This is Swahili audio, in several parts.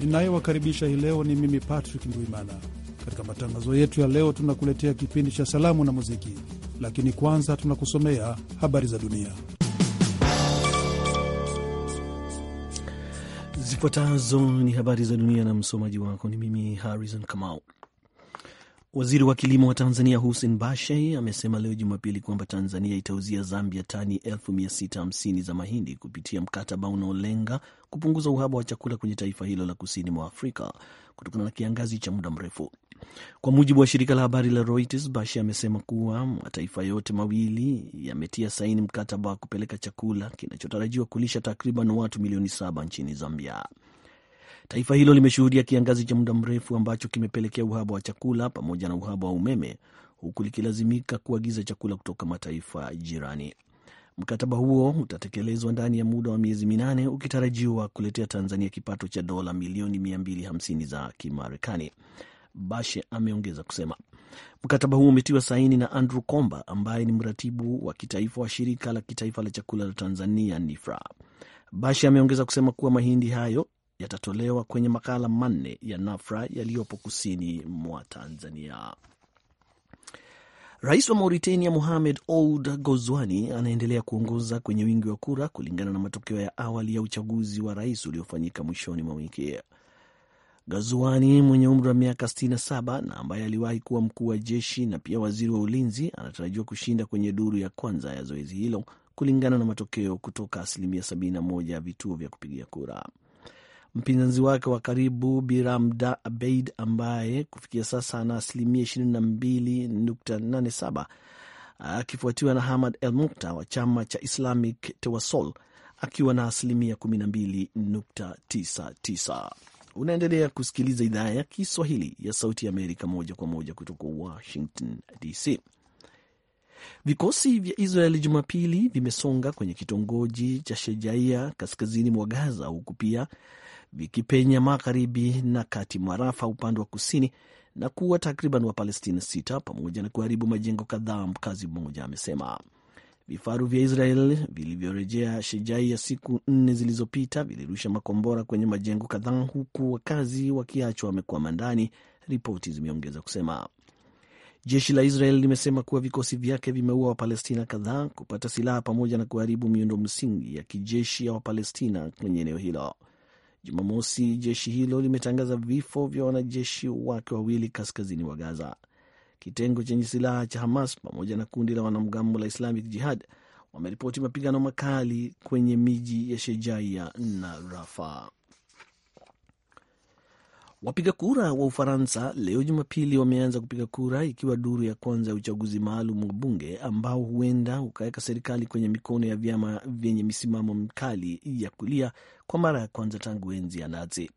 ninayewakaribisha hii leo ni mimi Patrick Ndwimana. Katika matangazo yetu ya leo, tunakuletea kipindi cha salamu na muziki, lakini kwanza tunakusomea habari za dunia. Zifuatazo ni habari za dunia na msomaji wako ni mimi Harrison Kamau. Waziri wa kilimo wa Tanzania Hussein Bashe amesema leo Jumapili kwamba Tanzania itauzia Zambia tani 650 za mahindi kupitia mkataba unaolenga kupunguza uhaba wa chakula kwenye taifa hilo la kusini mwa Afrika kutokana na kiangazi cha muda mrefu. Kwa mujibu wa shirika la habari la Reuters, Bashe amesema kuwa mataifa yote mawili yametia saini mkataba wa kupeleka chakula kinachotarajiwa kulisha takriban watu milioni saba nchini Zambia. Taifa hilo limeshuhudia kiangazi cha muda mrefu ambacho kimepelekea uhaba wa chakula pamoja na uhaba wa umeme, huku likilazimika kuagiza chakula kutoka mataifa jirani. Mkataba huo utatekelezwa ndani ya muda wa miezi minane ukitarajiwa kuletea Tanzania kipato cha dola milioni 250 za Kimarekani. Bashe ameongeza kusema mkataba huo umetiwa saini na Andrew Komba ambaye ni mratibu wa kitaifa wa shirika la kitaifa la chakula la Tanzania, NIFRA. Bashe ameongeza kusema kuwa mahindi hayo yatatolewa kwenye makala manne ya NAFRA yaliyopo kusini mwa Tanzania. Rais wa Mauritania Mohamed Ould Ghazouani anaendelea kuongoza kwenye wingi wa kura kulingana na matokeo ya awali ya uchaguzi wa rais uliofanyika mwishoni mwa wiki. Ghazouani mwenye umri wa miaka 67 na ambaye aliwahi kuwa mkuu wa jeshi na pia waziri wa ulinzi anatarajiwa kushinda kwenye duru ya kwanza ya zoezi hilo kulingana na matokeo kutoka asilimia 71 ya vituo vya kupigia kura. Mpinzani wake wa karibu Biramda Abeid ambaye kufikia sasa ana asilimia 22.87 akifuatiwa na Hamad El Mukta wa chama cha Islamic Tewasol akiwa na asilimia 12.99. Unaendelea kusikiliza idhaa ya Kiswahili ya Sauti ya Amerika moja kwa moja kutoka Washington DC. Vikosi vya Israeli Jumapili vimesonga kwenye kitongoji cha Shejaia kaskazini mwa Gaza, huku pia vikipenya magharibi na kati mwa Rafa upande wa kusini na kuwa takriban Wapalestina sita pamoja na kuharibu majengo kadhaa, mkazi mmoja amesema. Vifaru vya Israel vilivyorejea Shejai ya siku nne zilizopita vilirusha makombora kwenye majengo kadhaa, huku wakazi wakiachwa wamekwama ndani, ripoti zimeongeza kusema. Jeshi la Israel limesema kuwa vikosi vyake vimeua Wapalestina kadhaa, kupata silaha pamoja na kuharibu miundo msingi ya kijeshi ya Wapalestina kwenye eneo hilo. Jumamosi, jeshi hilo limetangaza vifo vya wanajeshi wake wawili kaskazini wa Gaza. Kitengo chenye silaha cha Hamas pamoja na kundi la wanamgambo la Islamic Jihad wameripoti mapigano makali kwenye miji ya shejaia na Rafa. Wapiga kura wa Ufaransa leo Jumapili wameanza kupiga kura ikiwa duru ya kwanza ya uchaguzi maalum wa bunge ambao huenda ukaweka serikali kwenye mikono ya vyama vyenye misimamo mikali ya kulia kwa mara ya kwanza tangu enzi ya Nazi.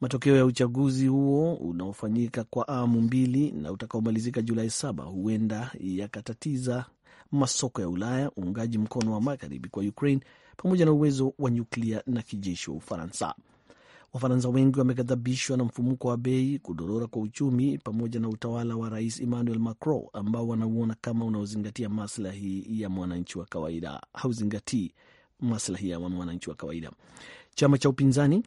Matokeo ya uchaguzi huo unaofanyika kwa awamu mbili na utakaomalizika Julai saba huenda yakatatiza masoko ya Ulaya, uungaji mkono wa magharibi kwa Ukraine pamoja na uwezo wa nyuklia na kijeshi wa Ufaransa. Wafaransa wengi wameghadhabishwa na mfumuko wa bei, kudorora kwa uchumi, pamoja na utawala wa Rais Emmanuel Macron ambao wanauona kama unaozingatia maslahi ya mwananchi wa kawaida, hauzingatii maslahi ya mwananchi wa kawaida. Chama cha upinzani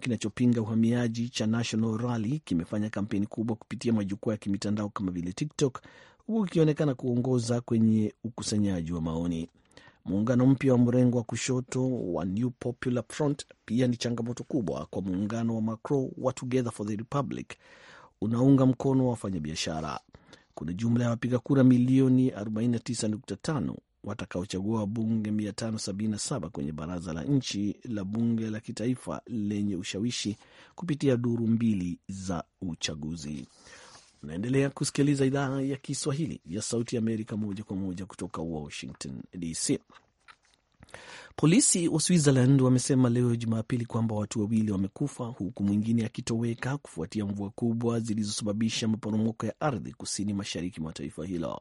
kinachopinga uhamiaji cha National Rally kimefanya kampeni kubwa kupitia majukwaa ya kimitandao kama vile TikTok, huku kikionekana kuongoza kwenye ukusanyaji wa maoni. Muungano mpya wa mrengo wa kushoto wa New Popular Front pia ni changamoto kubwa kwa muungano wa Macron wa Together for the Republic unaunga mkono wa wafanyabiashara. Kuna jumla ya wapiga kura milioni 49.5 watakaochagua wabunge 577 kwenye baraza la nchi la bunge la kitaifa lenye ushawishi kupitia duru mbili za uchaguzi. Unaendelea kusikiliza idhaa ya Kiswahili ya Sauti ya Amerika moja kwa moja kutoka Washington DC. Polisi wa Switzerland wamesema leo Jumapili kwamba watu wawili wamekufa huku mwingine akitoweka kufuatia mvua kubwa zilizosababisha maporomoko ya ardhi kusini mashariki mwa taifa hilo.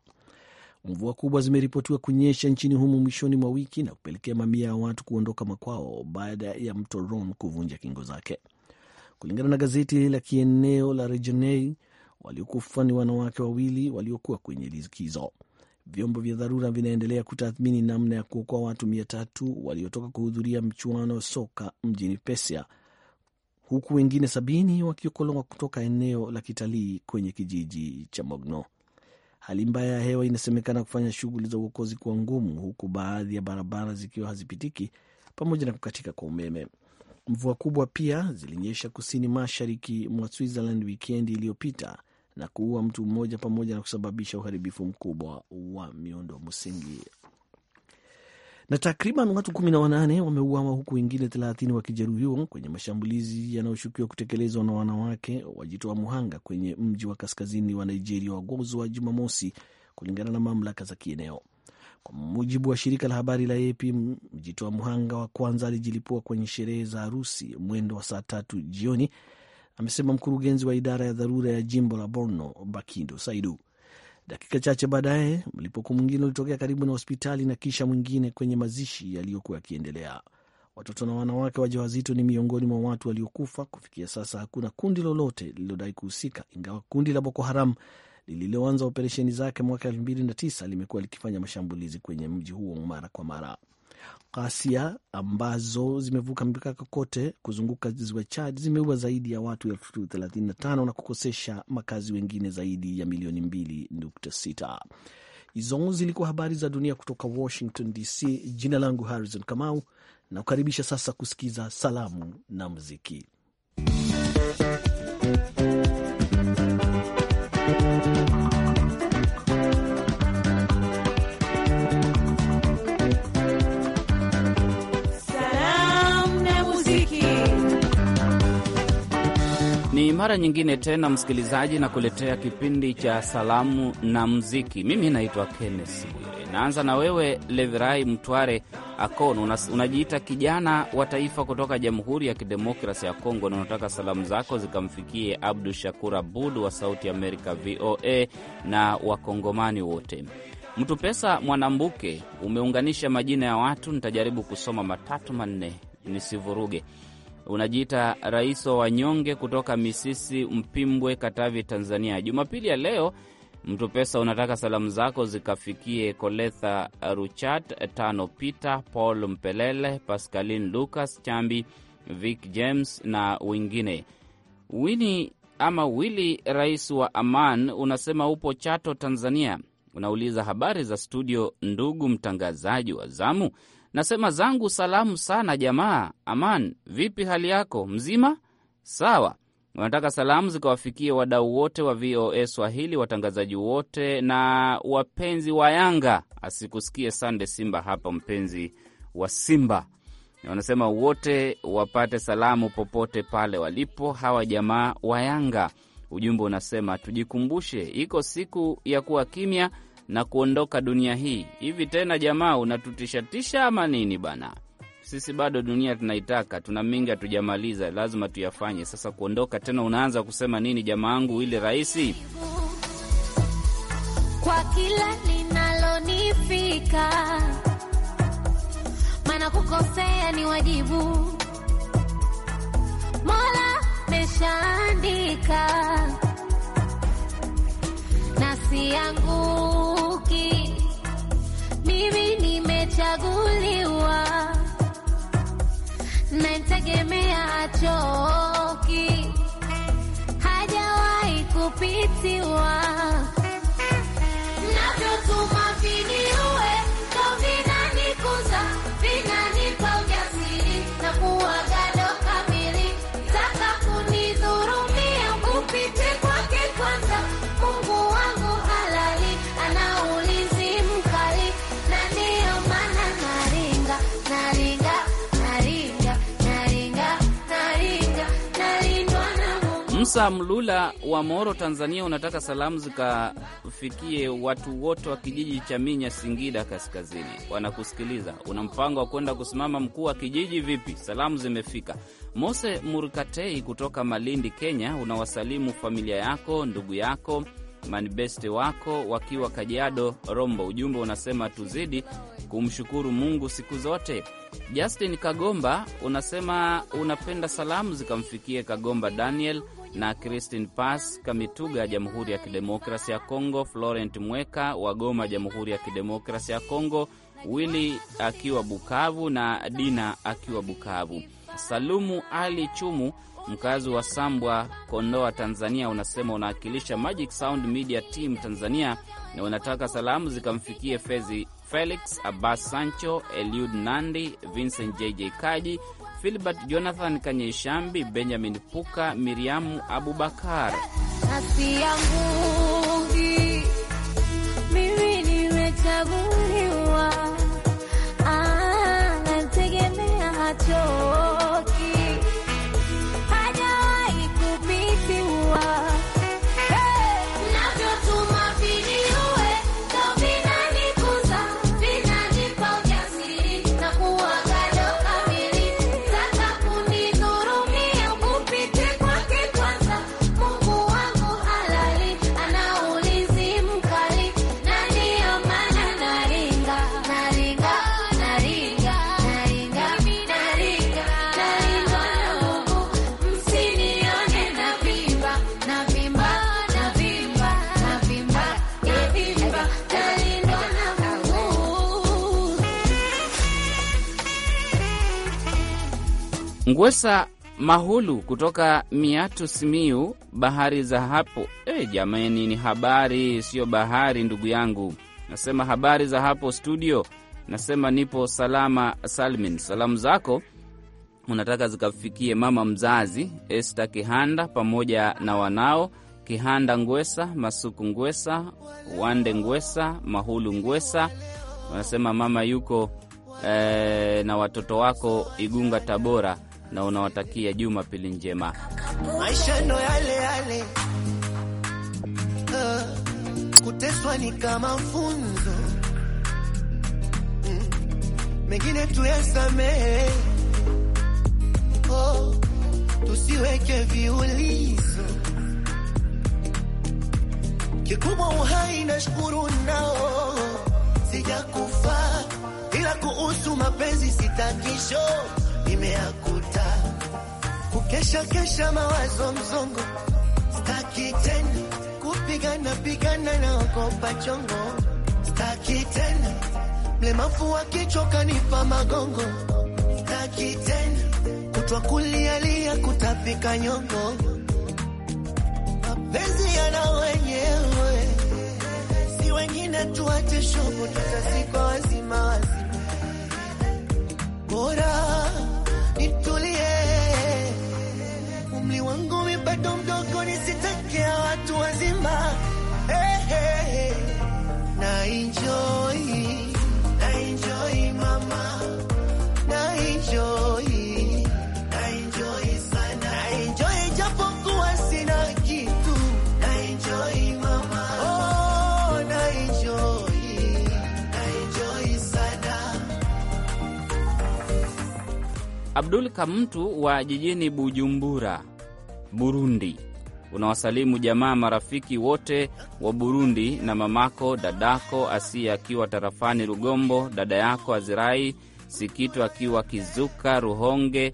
Mvua kubwa zimeripotiwa kunyesha nchini humo mwishoni mwa wiki na kupelekea mamia ya watu kuondoka makwao baada ya mto Rhone kuvunja kingo zake, kulingana na gazeti la kieneo la Regional waliokufa ni wanawake wawili waliokuwa kwenye likizo. Vyombo vya dharura vinaendelea kutathmini namna ya kuokoa watu mia tatu waliotoka kuhudhuria mchuano wa soka mjini Pesia, huku wengine sabini wakiokolewa kutoka eneo la kitalii kwenye kijiji cha Mogno. Hali mbaya ya hewa inasemekana kufanya shughuli za uokozi kuwa ngumu, huku baadhi ya barabara zikiwa hazipitiki pamoja na kukatika kwa umeme. Mvua kubwa pia zilinyesha kusini mashariki mwa Switzerland wikendi iliyopita na kuua mtu mmoja pamoja na kusababisha uharibifu mkubwa wa miundo msingi. Na takriban watu kumi na wanane wameuawa huku wengine thelathini wakijeruhiwa kwenye mashambulizi yanayoshukiwa kutekelezwa na wanawake wajitoa muhanga kwenye mji wa kaskazini wa Nigeria wa Gozo Jumamosi, kulingana na mamlaka za kieneo. Kwa mujibu wa shirika la habari la AP, mjitoa muhanga wa kwanza alijilipua kwenye sherehe za harusi mwendo wa saa tatu jioni amesema mkurugenzi wa idara ya dharura ya jimbo la Borno, Bakindo Saidu. Dakika chache baadaye mlipuko mwingine ulitokea karibu na hospitali na kisha mwingine kwenye mazishi yaliyokuwa yakiendelea. Watoto na wanawake wajawazito ni miongoni mwa watu waliokufa. Kufikia sasa hakuna kundi lolote lililodai kuhusika, ingawa kundi la Boko Haram lililoanza operesheni zake mwaka 2009 limekuwa likifanya mashambulizi kwenye mji huo mara kwa mara. Ghasia ambazo zimevuka mipaka kote kuzunguka ziwa Chad zimeua zaidi ya watu elfu 35 na kukosesha makazi wengine zaidi ya milioni 2.6. Hizo zilikuwa habari za dunia kutoka Washington DC. Jina langu Harrison Kamau, na kukaribisha sasa kusikiza salamu na muziki. mara nyingine tena, msikilizaji, na kuletea kipindi cha salamu na mziki Mimi naitwa kennes Bwire. Naanza na wewe Levirai Mtware Akon, unajiita kijana wa taifa kutoka Jamhuri ya Kidemokrasi ya Kongo, na unataka salamu zako zikamfikie Abdu Shakur Abud wa Sauti Amerika VOA na Wakongomani wote. Mtu Pesa Mwanambuke, umeunganisha majina ya watu, nitajaribu kusoma matatu manne nisivuruge unajiita rais wa wanyonge kutoka Misisi, Mpimbwe, Katavi, Tanzania. Jumapili ya leo mtu pesa unataka salamu zako zikafikie Koletha Ruchat Tano, Peter Paul Mpelele, Pascalin Lucas Chambi, Vic James na wengine. Wini ama Wili, rais wa Aman, unasema upo Chato, Tanzania. Unauliza habari za studio, ndugu mtangazaji wa zamu Nasema zangu salamu sana jamaa. Aman, vipi hali yako? Mzima? Sawa. Wanataka salamu zikawafikie wadau wote wa VOA Swahili, watangazaji wote na wapenzi wa Yanga. Asikusikie sande Simba hapa, mpenzi wa Simba. Wanasema wote wapate salamu popote pale walipo hawa jamaa wa Yanga. Ujumbe unasema tujikumbushe, iko siku ya kuwa kimya na kuondoka dunia hii. Hivi tena jamaa, unatutishatisha ama nini bana? Sisi bado dunia tunaitaka, tuna mingi hatujamaliza, lazima tuyafanye. Sasa kuondoka tena, unaanza kusema nini jamaa angu Ile rahisi kwa kila linalonifika, maana kukosea ni wajibu, Mola meshaandika nasi yangu mimi nimechaguliwa, naitegemea achoki, hajawahi kupitiwa navyotuma Musa Mlula wa Moro, Tanzania, unataka salamu zikafikie watu wote wa kijiji cha Minya, Singida Kaskazini. Wanakusikiliza. Una mpango wa kwenda kusimama mkuu wa kijiji? Vipi, salamu zimefika. Mose murkatei kutoka Malindi, Kenya, unawasalimu familia yako, ndugu yako manibeste wako wakiwa Kajiado, Rombo. Ujumbe unasema tuzidi kumshukuru Mungu siku zote. Justin Kagomba unasema unapenda salamu zikamfikie Kagomba Daniel na Kristin Pass Kamituga, Jamhuri ya Kidemokrasi ya Kongo, Florent Mweka wa Goma, Jamhuri ya Kidemokrasi ya Kongo, Willi akiwa Bukavu na Dina akiwa Bukavu. Salumu Ali Chumu, mkazi wa Sambwa, Kondoa, Tanzania, unasema unawakilisha Magic Sound Media Team Tanzania na unataka salamu zikamfikie Fezi Felix Abbas Sancho, Eliud Nandi, Vincent JJ Kaji Filbert Jonathan Kanyeishambi, Benjamin Puka, Miriamu Abubakar. Nafsi yangu mimi nimechagua Ngwesa Mahulu kutoka Miatu Simiu, bahari za hapo. E, jamani, ni habari siyo bahari, ndugu yangu. Nasema habari za hapo studio, nasema nipo salama salmin. Salamu zako unataka zikafikie mama mzazi Esta Kihanda pamoja na wanao Kihanda Ngwesa, Masuku Ngwesa, Wande Ngwesa, Mahulu Ngwesa. Wanasema mama yuko e, na watoto wako Igunga, Tabora na unawatakia Jumapili njema. Maisha ndo yale yale, uh, kuteswa ni kama funzo, mm, mengine tuyasamehe, oh, tusiweke viulizo kikubwa uhai na shukuru nao, sijakufa ila kuhusu mapenzi sitakisho nimeakuta kukesha kesha mawazo mzongo, staki tena kupigana pigana na ogopa chongo, staki tena mlemafu wa kichwa kanipa magongo, staki tena kutwa kulialia kutafika nyongo, mapenzi yana wenyewe, si wengine tuwate shobo, tutazikwa wazima wazima bora kuelekea watu wazima. Hey, eh, eh, hey, eh. hey. Na enjoy, na enjoy mama, na enjoy, na enjoy sana, na enjoy japo kuwa sina kitu, na enjoy mama, oh, na enjoy, na enjoy sana. Abdul Kamtu wa jijini Bujumbura, Burundi unawasalimu jamaa, marafiki wote wa Burundi na mamako, dadako Asia akiwa tarafani Rugombo, dada yako Azirai Sikitu akiwa Kizuka Ruhonge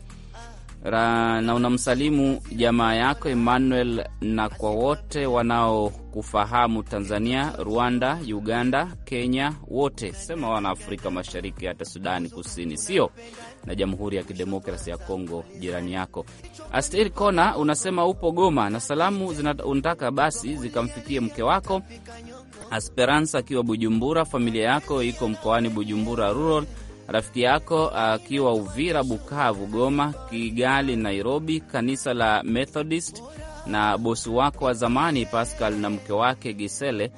ra, na unamsalimu jamaa yako Emmanuel na kwa wote wanaokufahamu Tanzania, Rwanda, Uganda, Kenya, wote sema wana Afrika Mashariki, hata Sudani Kusini, sio na Jamhuri ya Kidemokrasi ya Kongo jirani yako. astir Kona unasema upo Goma na salamu unataka basi zikamfikie mke wako Asperansa akiwa Bujumbura, familia yako iko mkoani Bujumbura rural rafiki yako akiwa Uvira, Bukavu, Goma, Kigali, Nairobi, kanisa la Methodist na bosi wako wa zamani Pascal na mke wake Gisele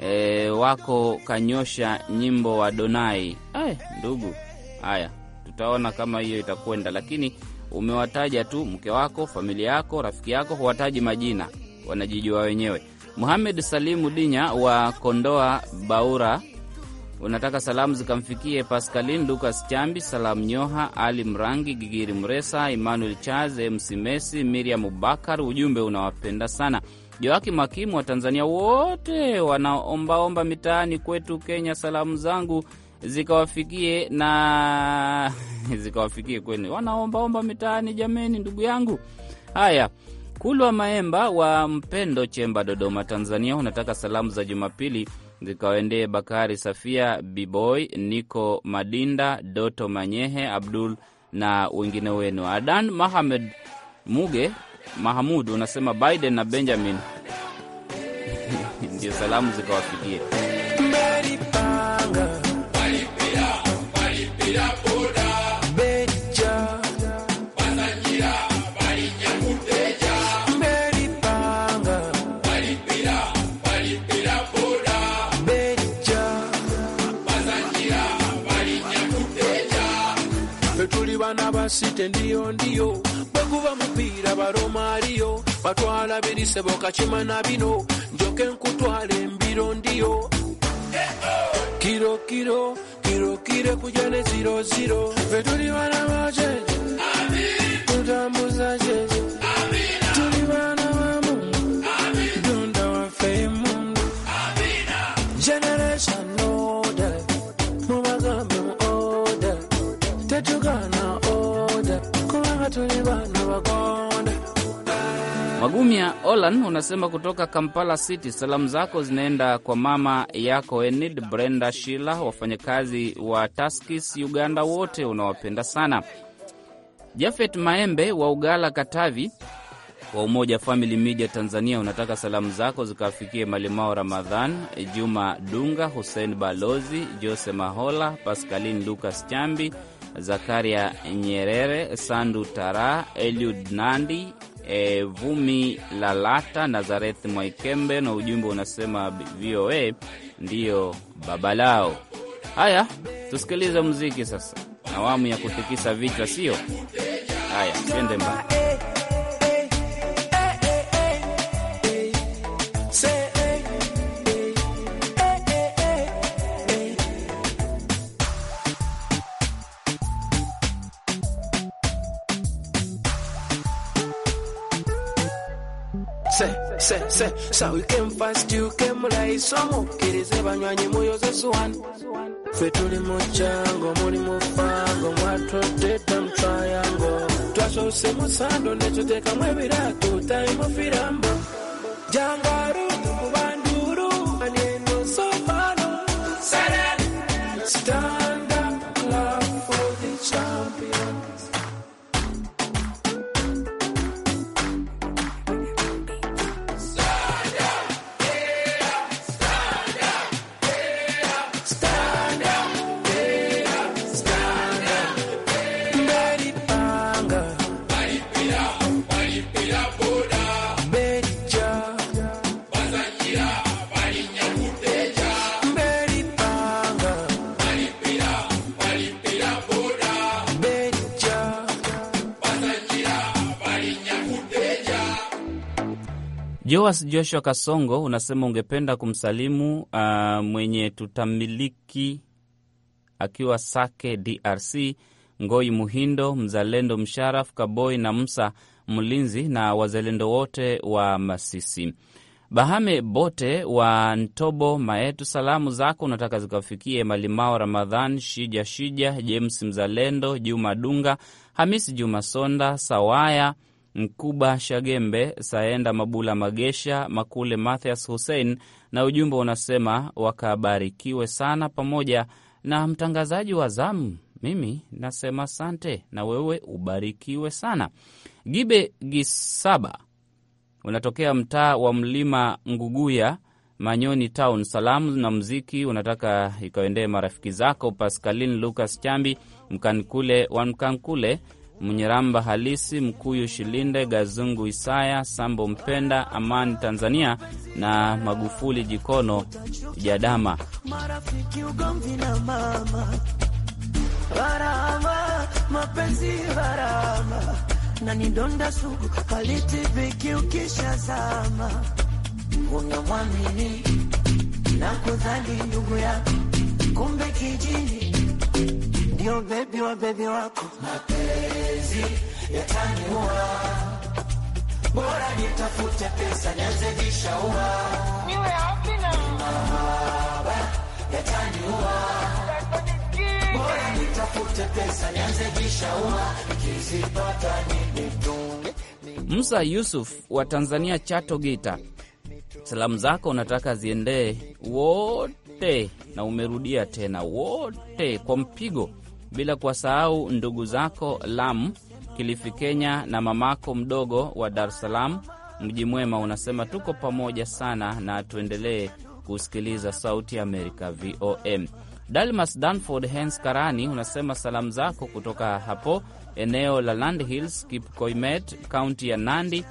e, wako kanyosha nyimbo wa Donai. Ay, ndugu haya tutaona kama hiyo itakwenda, lakini umewataja tu mke wako, familia yako, rafiki yako, huwataji majina, wanajijua wenyewe. Muhamed Salimu Dinya wa Kondoa Baura, unataka salamu zikamfikie Paskalin Lukas Chambi, Salamu Nyoha, Ali Mrangi, Gigiri Mresa, Emmanuel MC Msimesi, Miriam Bakar. Ujumbe unawapenda sana. joaki makimu wa Tanzania, wote wanaombaomba mitaani kwetu Kenya, salamu zangu zikawafikie na zikawafikie kweli, wanaombaomba mitaani jameni, ndugu yangu. Haya, Kulwa Maemba wa Mpendo Chemba, Dodoma, Tanzania, unataka salamu za Jumapili zikawaendee Bakari Safia, Biboy Niko Madinda, Doto Manyehe, Abdul na wengine wenu. Adan Mahamed Muge Mahamud unasema Biden na Benjamin ndio salamu zikawafikie. site ndiyo ndiyo bwe guba mupiira baroma aliyo batwala birise bokakimana bino njoke nkutwala embiro ndiyo kiro kiro kirukire kujane ziro ziro fetuli bana ba jeje tutambuza jeje Magumia Olan unasema kutoka Kampala City, salamu zako zinaenda kwa mama yako Enid Brenda Shila, wafanyakazi wa Taskis Uganda wote unawapenda sana. Jafet Maembe wa Ugala Katavi wa Umoja Family Media Tanzania unataka salamu zako zikawafikie Malimao Ramadhan, Juma Dunga, Hussein Balozi, Jose Mahola, Pascaline Lucas Chambi, Zakaria Nyerere, Sandu Tara, Eliud Nandi e, Vumi Lalata Nazareth Mwaikembe, na ujumbe unasema VOA ndiyo baba lao. Haya, tusikilize muziki sasa, awamu ya kutikisa vichwa, sio haya, twende mbali. se se se sawike nfa sityuke mulayi somukkirize banywanyi muyoze suwani ffe tuli mu kyango muli mu fango mwatoteta mu twayango twasose musando nekyo teekamu ebiraato tayimufirambo jangaru Joas Joshua Kasongo, unasema ungependa kumsalimu uh, mwenye tutamiliki akiwa Sake, DRC, Ngoi Muhindo, Mzalendo Msharaf Kaboi na Msa Mlinzi na wazalendo wote wa Masisi, Bahame Bote wa Ntobo Maetu. Salamu zako unataka zikafikie Malimao Ramadhan, Shija Shija, James Mzalendo, Juma Dunga, Hamisi Juma Sonda, Sawaya Mkuba Shagembe, Saenda Mabula Magesha, Makule Mathias Hussein, na ujumbe unasema wakabarikiwe sana pamoja na mtangazaji wa zamu. Mimi nasema sante, na wewe ubarikiwe sana. Gibe Gisaba unatokea mtaa wa Mlima Nguguya, Manyoni Town. Salamu na mziki unataka ikaendee marafiki zako paskalin Lucas Chambi, Mkankule wa Mkankule Mnyeramba Halisi, Mkuyu Shilinde, Gazungu Isaya, Sambo Mpenda, Amani Tanzania na Magufuli Jikono Jadama. Na ni donda sugu halitibiki unamwamini na kudhani ndugu yako, kumbe kijini ndio bebi wa bebi wako, mapenzi yataniua, bora nitafute pesa nianze jishaua, niwe afina, mahaba yataniua, Musa Yusuf wa Tanzania, Chato Gita, salamu zako unataka ziendee wote na umerudia tena wote kwa mpigo bila kuwasahau ndugu zako Lamu, Kilifi, Kenya, na mamako mdogo wa Dar es Salaam. Mji Mwema unasema tuko pamoja sana na tuendelee kusikiliza Sauti ya Amerika, VOM. Dalmas Danford Hens Karani unasema salamu zako kutoka hapo eneo la Land Hills, Kipkoimet, kaunti ya Nandi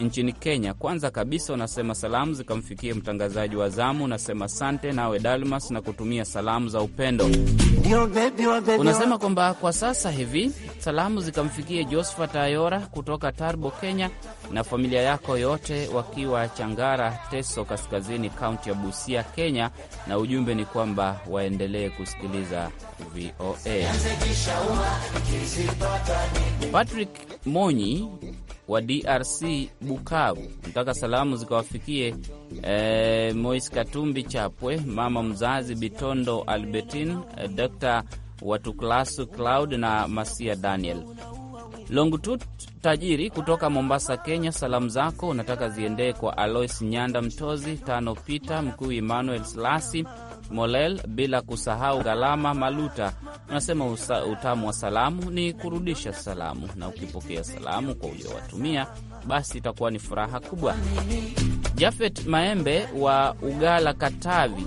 nchini Kenya. Kwanza kabisa, unasema salamu zikamfikie mtangazaji wa zamu, unasema sante nawe Dalmas na kutumia salamu za upendo. Unasema kwamba kwa sasa hivi salamu zikamfikie josfa tayora kutoka Tarbo, Kenya, na familia yako yote wakiwa Changara, Teso Kaskazini, kaunti ya Busia, Kenya, na ujumbe ni kwamba waendelee kusikiliza VOA. Patrick Monyi wa DRC Bukavu. Nataka salamu zikawafikie e, eh, Mois Katumbi Chapwe, mama mzazi Bitondo Albertin, e, eh, Dr Watuklasu Cloud na Masia Daniel Longtut tajiri kutoka Mombasa, Kenya. Salamu zako unataka ziendee kwa Alois Nyanda Mtozi, Tano Peter Mkuu, Emmanuel Slasi Molel, bila kusahau Galama Maluta unasema usa, utamu wa salamu ni kurudisha salamu, na ukipokea salamu kwa uliowatumia basi itakuwa ni furaha kubwa. Jafet Maembe wa Ugala, Katavi,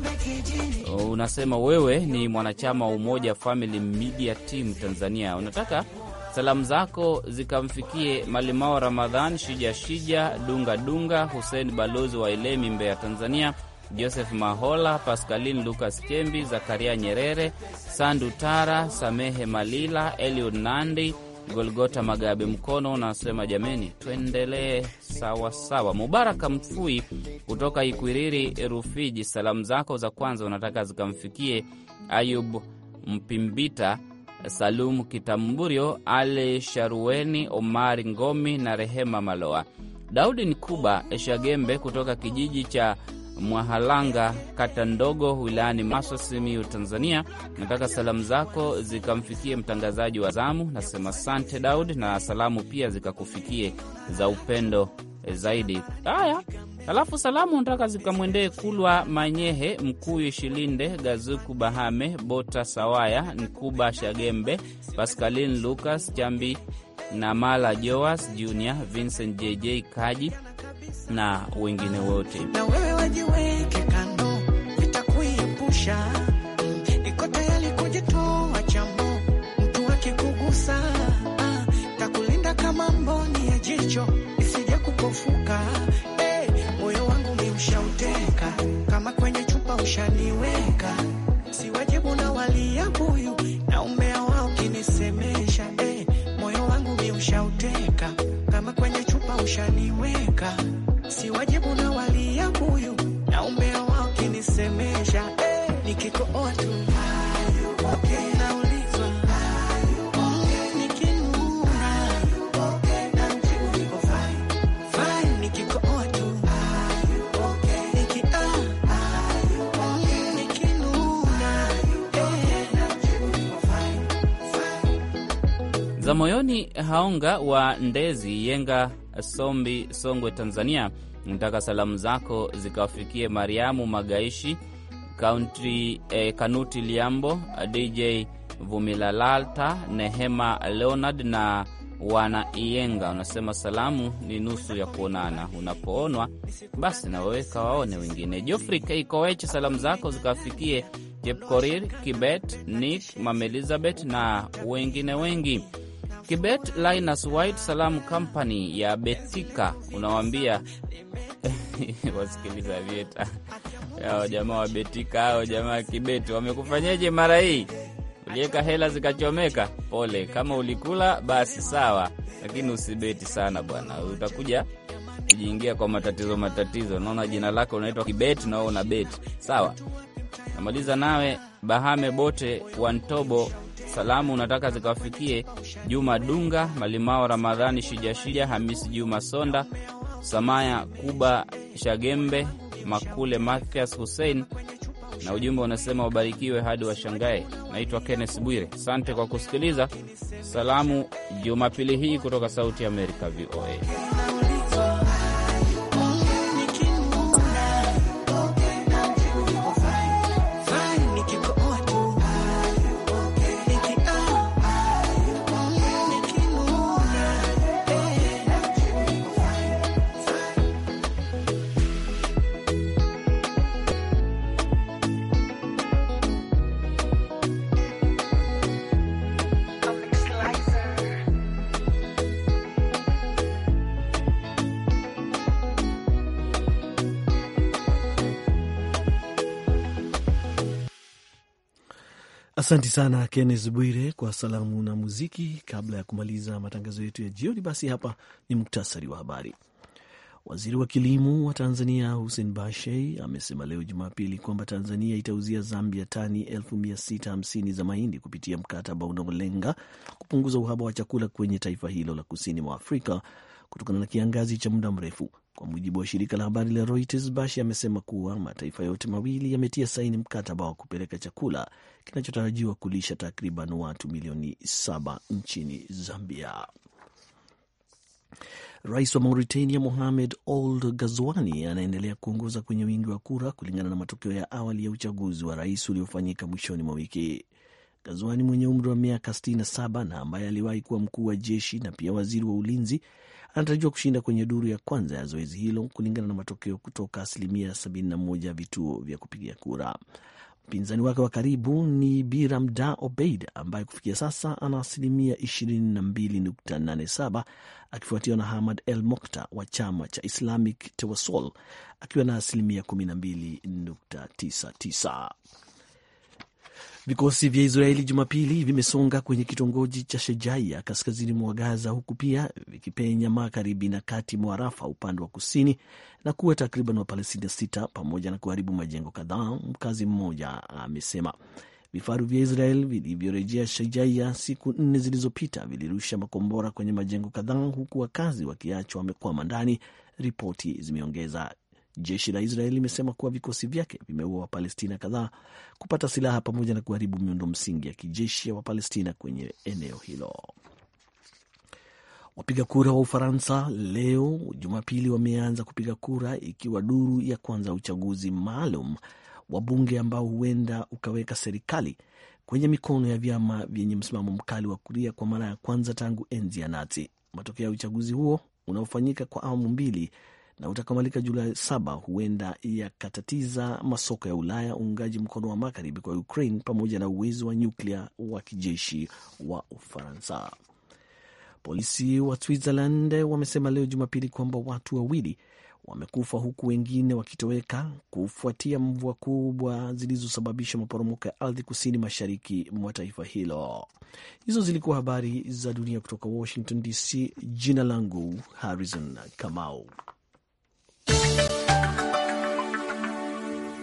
unasema wewe ni mwanachama wa Umoja Family Media Team Tanzania, unataka salamu zako zikamfikie Malimao Ramadhan, Shija Shija, Dunga Dunga, Hussein balozi wa Elemi, Mbeya, Tanzania, Joseph Mahola, Pascalin Lucas Chembi, Zakaria Nyerere, Sandu Tara, Samehe Malila, Eliud Nandi, Golgota Magabe Mkono unasema jameni, tuendelee sawasawa. Mubaraka Mfui kutoka Ikwiriri, Rufiji, salamu zako za kwanza unataka zikamfikie Ayub Mpimbita, Salum Kitamburio, Ali Sharueni, Omari Ngomi na Rehema Maloa. Daudi Nkuba Shagembe kutoka kijiji cha Mwahalanga, kata ndogo wilayani Maswa, Simiyu, Tanzania. Nataka salamu zako zikamfikie mtangazaji wa zamu, nasema sante Daud, na salamu pia zikakufikie za upendo eh, zaidi. Haya, alafu salamu nataka zikamwendee Kulwa Manyehe, Mkuyu Shilinde, Gazuku Bahame, Bota Sawaya, Nkuba Shagembe, Pascalin Lucas Chambi na Mala Joas Junior, Vincent JJ Kaji na wengine wote jiweke kando, nitakuepusha. Niko tayari kujitoa chamo, mtu akikugusa ah, takulinda kama mboni ya jicho isije kupofuka. Eh, moyo hey, wangu mi ushauteka kama kwenye chupa ushaniwe moyoni Haonga wa Ndezi, Yenga, Sombi, Songwe, Tanzania, nataka salamu zako zikawafikie Mariamu Magaishi, Kaunti, eh, Kanuti Liambo, DJ Vumilalalta, Nehema Leonard na wana Iyenga. Unasema salamu ni nusu ya kuonana, unapoonwa basi na wewe kawaone wengine. Jofri Kikoeche, salamu zako zikawafikie Jepkorir Kibet, Nick mamelizabeth Elizabeth na wengine wengi. Kibet Linus White Salamu Company ya Betika unawambia wasikiliza vieta ao jamaa wa Betika, ao jamaa wa Kibeti wamekufanyeje mara hii? Uliweka hela zikachomeka, pole. Kama ulikula basi sawa, lakini usibeti sana bwana, utakuja kujiingia kwa matatizo matatizo. Naona jina lako unaitwa Kibeti na wewe una beti sawa. Namaliza nawe Bahame Bote Wantobo Salamu unataka zikawafikie Juma Dunga, Malimao Ramadhani, Shijashija Hamisi, Juma Sonda, Samaya Kuba, Shagembe Makule, Mathias Hussein, na ujumbe unasema wabarikiwe hadi washangae. Naitwa Kenneth Bwire, asante kwa kusikiliza Salamu Jumapili hii kutoka Sauti ya Amerika, VOA. Asante sana Kennes Bwire kwa salamu na muziki. Kabla ya kumaliza matangazo yetu ya jioni, basi hapa ni muktasari wa habari. Waziri wa kilimo wa Tanzania Hussein Bashei amesema leo Jumapili kwamba Tanzania itauzia Zambia tani 650 za mahindi kupitia mkataba unaolenga kupunguza uhaba wa chakula kwenye taifa hilo la kusini mwa Afrika kutokana na kiangazi cha muda mrefu. Kwa mujibu wa shirika la habari la Reuters, Bashi amesema kuwa mataifa yote mawili yametia saini mkataba wa kupeleka chakula kinachotarajiwa kulisha takriban watu milioni saba nchini Zambia. Rais wa Mauritania Mohamed Ould gazwani anaendelea kuongoza kwenye wingi wa kura kulingana na matokeo ya awali ya uchaguzi wa rais uliofanyika mwishoni mwa wiki. Gazwani mwenye umri wa miaka 67 na ambaye aliwahi kuwa mkuu wa jeshi na pia waziri wa ulinzi anatarajiwa kushinda kwenye duru ya kwanza ya zoezi hilo kulingana na matokeo kutoka asilimia 71 ya vituo vya kupigia kura. Mpinzani wake wa karibu ni Biramda Obeid ambaye kufikia sasa ana asilimia 22.87 akifuatiwa na Hamad El Mokta wa chama cha Islamic Tewasol akiwa na asilimia 12.99. Vikosi vya Israeli Jumapili vimesonga kwenye kitongoji cha Shejaia kaskazini mwa Gaza, huku pia vikipenya magharibi na kati mwa Rafa upande wa kusini na kuwa takriban Wapalestina sita pamoja na kuharibu majengo kadhaa, mkazi mmoja amesema. Vifaru vya Israel vilivyorejea Shejaia siku nne zilizopita vilirusha makombora kwenye majengo kadhaa, huku wakazi wakiachwa wamekwama ndani, ripoti zimeongeza. Jeshi la Israeli limesema kuwa vikosi vyake vimeua Wapalestina kadhaa, kupata silaha pamoja na kuharibu miundo msingi ya kijeshi ya Wapalestina kwenye eneo hilo. Wapiga kura wa Ufaransa leo Jumapili wameanza kupiga kura, ikiwa duru ya kwanza uchaguzi maalum wa bunge ambao huenda ukaweka serikali kwenye mikono ya vyama vyenye msimamo mkali wa kulia kwa mara ya kwanza tangu enzi ya Nazi. Matokeo ya uchaguzi huo unaofanyika kwa awamu mbili na utakamalika Julai saba huenda yakatatiza masoko ya Ulaya uungaji mkono wa magharibi kwa Ukraine pamoja na uwezo wa nyuklia wa kijeshi wa Ufaransa. Polisi wa Switzerland wamesema leo Jumapili kwamba watu wawili wamekufa huku wengine wakitoweka kufuatia mvua kubwa zilizosababisha maporomoko ya ardhi kusini mashariki mwa taifa hilo. Hizo zilikuwa habari za dunia kutoka Washington DC. Jina langu Harrison Kamau.